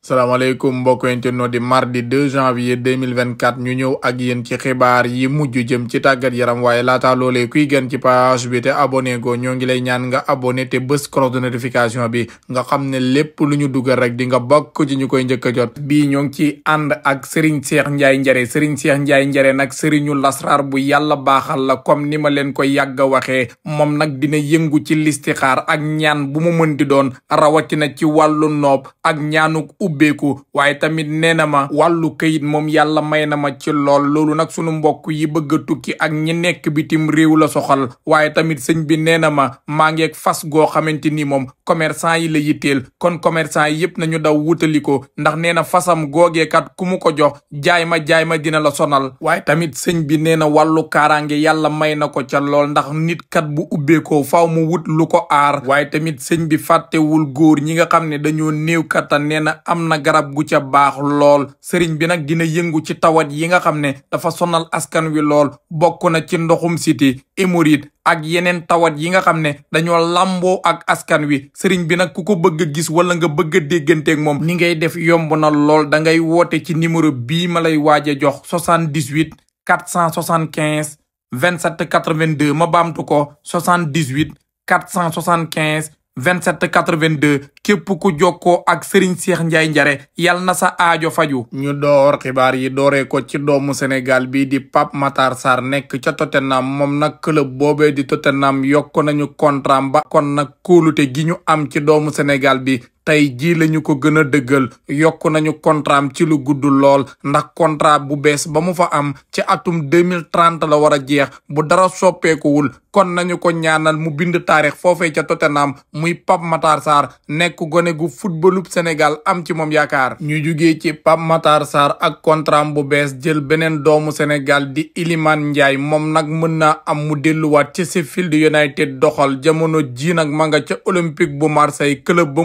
salaamaaleykum mbokk internet di mardi 2 janvier 2024 ñu ñëw ak yéen ci xibaar yi mujj jëm ci tàggat yaram waaye laata loolee kuy gën ci page bi te abonné go ñoo ngi lay ñaan nga abonné te bés cross de notification bi nga xam ne lépp lu ñu dugal rek di nga bokk ci ñu koy njëkk a jot bii ñoo ngi ci ànd ak Serigne Cheikh Ndiaye Njare Serigne Cheikh Ndiaye Njare nag Serigne Lasrar bu yàlla baaxal la comme ni ma leen koy yàgg waxee moom nag dina yëngu ci listixaar ak ñaan bu mu mën di doon rawatina ci wàllu noob ak ñaanuk ubbeeku waaye tamit nee na ma wallu këyit moom yàlla may na ma ci lool loolu nag sunu mbokk yi bëgg a tukki ak ñi nekk bitim réew la soxal waaye tamit sëñ bi nee na ma maa ngeeg fas goo xamante ni moom commerçant yi la yitteel kon commerçant yi yëpp nañu daw wutali ko ndax nee na fasam googeekat ku mu ko jox jaay ma jaay ma dina la sonal waaye tamit sëñ bi nee na wàllu kaaraange yàlla may na ko ca lool ndax nit kat bu ubbeekoo faaw mu wut lu ko aar waaye tamit sëñ bi fàttewul góor xam ne dañoo néew kattan nee na am am na garab gu ca baax lool sëriñ bi nag dina yëngu ci tawat yi nga xam ne dafa sonal askan wi lool bokk na ci ndoxum siti hémorroïde ak yeneen tawat yi nga xam ne dañoo làmboo ak askan wi sëriñ bi nag ku ko bëgg gis wala nga bëgg a moom ni ngay def yomb na lool da ngay woote ci numéro bii ma lay waaj a jox 78 475 27 82 ma baamtu ko 78 475 vingt 27 82 képp ku jokkoo ak Serigne Cheikh Ndiaye Njare yal na sa aajo faju ñu door xibaar yi dooree ko ci doomu Sénégal bii di Pape Matar Sarr nekk ca Tottenham moom nag club boobee di Tottenham yokk nañu contrat ba kon nag kóolute gi ñu am ci doomu Sénégal bi tey jii lañu ko gën a dëggal yokku nañu contrat ci lu gudd lool ndax contrat bu bees ba mu fa am ci atum 2030 la war a jeex bu dara soppeekuwul kon nañu ko ñaanal mu bind taarix foofee ca Tottenham muy Pape Matar Sarr nekk gone gu footballu Sénégal am ci moom yaakaar ñu jugee ci Pape Matar Sarr ak contrat bu bees jël beneen doomu Sénégal di Iliman Ndiaye moom nag mën na am mu delluwaat ci Sheffield United doxal jamono ji nag ma nga Olympique bu Marseille club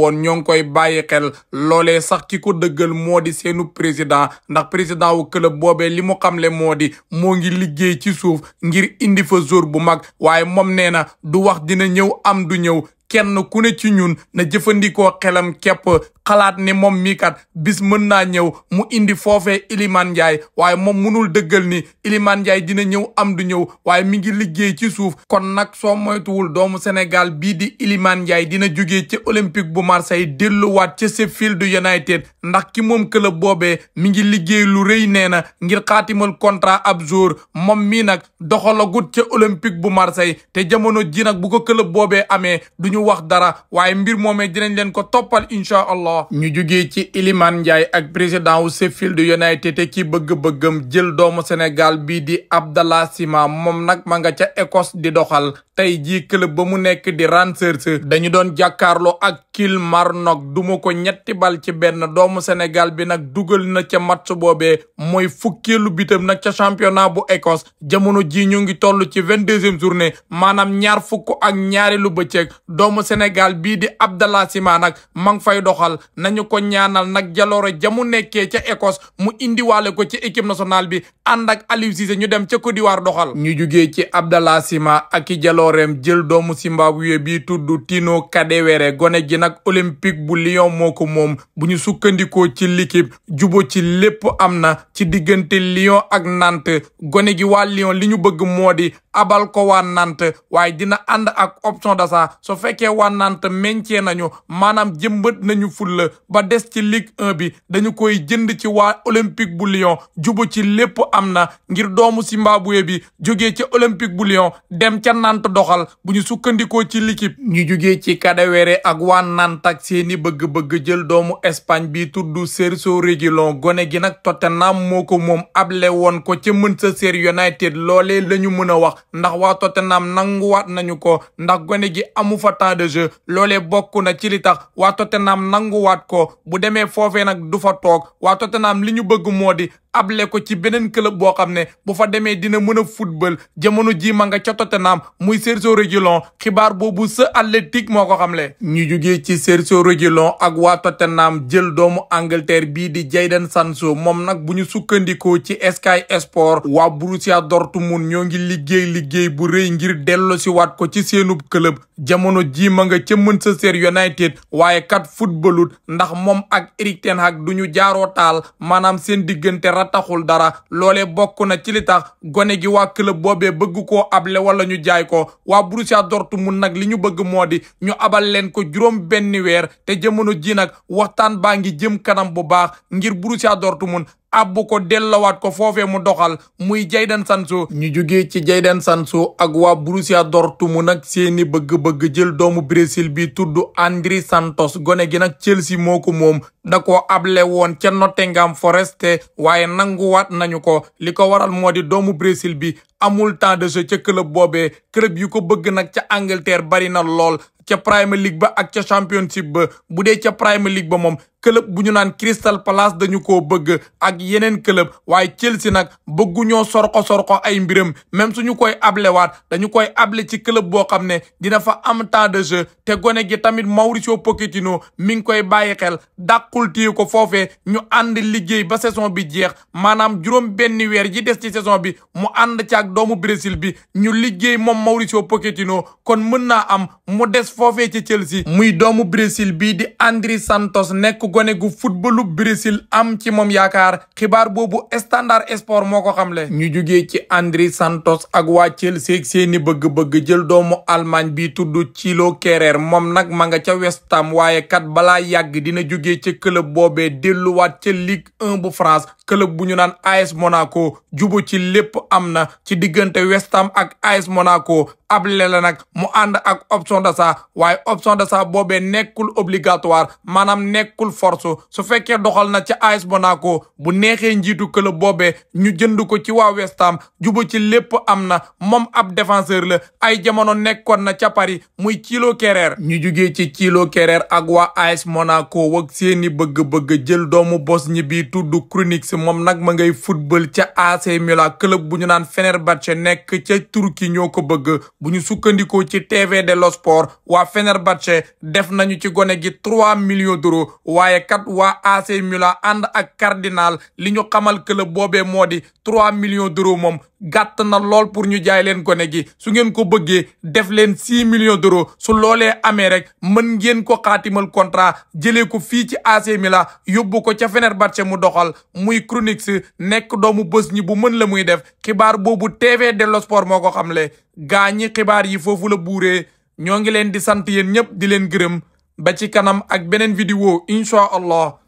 woon ñoo ngi koy bàyyi xel loolee sax ki ko dëggal moo di seenu président ndax président wu club boobee li mu xamle moo di moo ngi liggéey ci suuf ngir indi fa jour bu mag waaye moom nee na du wax dina ñëw am du ñëw kenn ku ne ci ñun na jëfandikoo xelam képp xalaat ni moom mii kat bis mën naa ñëw mu indi foofe Iliman Ndiaye waaye moom munul dëggal ni Iliman Ndiaye dina ñëw am du ñëw waaye mi ngi liggéey ci suuf kon nag soo moytuwul doomu Sénégal bii di Iliman Ndiaye dina jógee ci Olympique bu Marseille delluwaat ca Sheffield United ndax ki moom club boobee mi ngi liggéey lu rëy nee na ngir xaatimal contrat ab jour moom mii nag doxalagut ca Olympique bu Marseille te jamono ji nag bu ko club boobee amee ñu wax dara waaye mbir moomee dinañ leen ko toppal incha allah ñu jugee ci Iliman Ndiaye ak président wu Sheffield United te ki bëgg-bëggam jël doomu Sénégal bii di Abdallah Sima moom nag ma nga ca Écosse di doxal tey jii club ba mu nekk di Rangers dañu doon jàkkaarloo ak Kilmarnock duma ko ñetti bal ci benn doomu Sénégal bi nag dugal na ca match boobee mooy fukkeelu bitam nag ca championnat bu Écosse jamono jii ñu ngi toll ci vingt-deuxième journée maanaam ñaar fukk ak ñaareelu bëccëg mu senegal bii di Abdallah Sima nag ma ngi fay doxal nañu ko ñaanal nag jaloore jamu nekkee ca Écosse mu indiwaale ko ci équipe national bi ànd ak Aliou Cissé ñu dem ca Côte d'Ivoire doxal. ñu jugee ci Abdallah Sima ak i jalooreem jël doomu Zimbabwe bii tudd Tino Kadewere gone ji nag Olympique bu Lyon moo ko moom bu ñu sukkandikoo ci l'équipe jubo ci lépp am na ci diggante Lyon ak nant gone ji waa Lyon li ñu bëgg moo di abal ko waa Nantes waaye dina ànd ak option d'achat su fekkee waa Nantes meñcee nañu maanaam jëmbët nañu fulla ba des ci Ligue 1 bi dañu koy jënd ci waa Olympique bu Lyon jubu ci lépp am na ngir doomu Zimbabwe bi jógee ci Olympique bu Lyon dem ca Nantes doxal bu ñu sukkandikoo ci l'équipe ñu jógee ci Kadewere ak waa Nantes seeni bëgg-bëgg jël doomu Espagne bi tuddu Sergio Reguilón gone gi nag Tottenham moo ko moom able woon ko ci ca Manchester United loole la ñu mën a wax ndax waa Tottenham nanguwaat nañu ko ndax gone gi amu fa temps de jeu loolee bokk na ci li tax waa Tottenham nanguwaat ko bu demee foofee nag du fa toog waa Tottenham li ñu bëgg moo di able ko ci beneen club boo xam ne bu fa demee dina mën a football jamono ji ma nga ca Tottenham muy Sergio Reguilon xibaar boobu sa Athletic moo ko xamle. ñu jugee ci Sergio Reguilon ak waa Tottenham jël doomu Angleterre bii di Jadon Sancho moom nag bu ñu sukkandikoo ci Sky Sport waa Borussia Dortmund ñoo ngi liggéey liggéey bu rëy ngir dello si waat ko ci seenub club jamono jii ma nga ca Manchester United waaye kat footballut ndax moom ak Erik ten Hag du ñu jaaroo taal maanaam seen diggante rataxul dara loole bokk na ci li tax gone gi waa club boobee bëgg koo able wala ñu jaay ko waa dortu mun nag li ñu bëgg moo di ñu abal leen ko juróom benn weer te jamono ji nag waxtaan baa ngi jëm kanam bu baax ngir Borussia Dortmund abbu ko dellowaat ko foofee mu doxal muy jaydan Sancho ñu jugee ci Jayden Sancho ak waa dortu mu nag seeni bëgg-bëgg jël doomu Brésil bi tudd Andrey Santos gone gi nag Chelsea moo ko moom da ko able woon ca Nottingham Forest waaye nanguwaat nañu ko li ko waral moo di doomu Brésil bi amul temps de jeu ca club boobee club yu ko bëgg nag ca Angleterre bari na lool ca Premier League ba ak ca Championship ba bu dee ca Premier League ba moom club bu ñu naan Crystal Palace dañu koo bëgg ak yeneen club waaye Chelsea nag bëgguñoo sorko sorko ay mbiram même ñu koy waat dañu koy able ci club boo xam ne dina fa am temps de jeu te gone gi tamit Mauricio Pochettino mi ngi koy bàyyi xel dàq dàqul téye ko foofee ñu ànd liggéey ba saison bi jeex maanaam juróom benn weer ji des ci saison bi mu ànd caag doomu Brésil bi ñu liggéey moom Mauricio Pochettino kon mën naa am mu des foofee ci Chelsea muy doomu Brésil bii di André Santos nekk gone gu footballu Brésil am ci moom yaakaar xibaar boobu Standard Sport moo ko xamle ñu jugee ci André Santos ak waa Chelsea seeni bëgg-bëgg jël doomu Allemagne bi tudd Thilo Kehrer moom nag ma nga ca West waay club boobee delluwaat ca Ligue 1 bu France club bu ñu naan AS Monaco jubo ci lépp am na ci diggante West ak AS Monaco able la nag mu ànd ak option d'achat waaye option d'achat boobee nekkul obligatoire maanaam nekkul force su fekkee doxal na ci AS Monaco bu neexee njiitu club boobee ñu jënd ko ci waa West Ham jubo ci lépp am na moom ab défenseur la ay jamono nekkoon na ca pari muy Thilo Kehrer ñu jugee ci Thilo Kehrer ak wa AS Monaco wak seeni bëgg-bëgg jël doomu Bosnie bi tudd Krunić moom nag ma ngay football ca AC Milan club bu ñu naan Fenerbahçe nekk ca Turquie ñoo ko bëgg bu ñu sukkandikoo ci TV dello Sport waa Fenerbahçe def nañu ci gone gi trois millions d'euros waaye kat waa AC Milan ànd ak Cardinal li ñu xamal club boobe moo di trois millions d'euros moom gàtt na lool pour ñu jaay leen gone gi su ngeen ko bëggee def leen six millions d'euros su loolee amee rek mën ngeen ko xaatimal contrat jëlee ko fii ci AC Milan yóbbu ko ca Fenerbahçe mu doxal muy Krunić nekk doomu bës ñi bu mën la muy def xibaar boobu TV dello sport moo ko xamle gaa ñi xibaar yi foofu la buuree ñoo ngi leen di sant yéen ñëpp di leen gërëm ba ci kanam ak beneen vidéo incha allah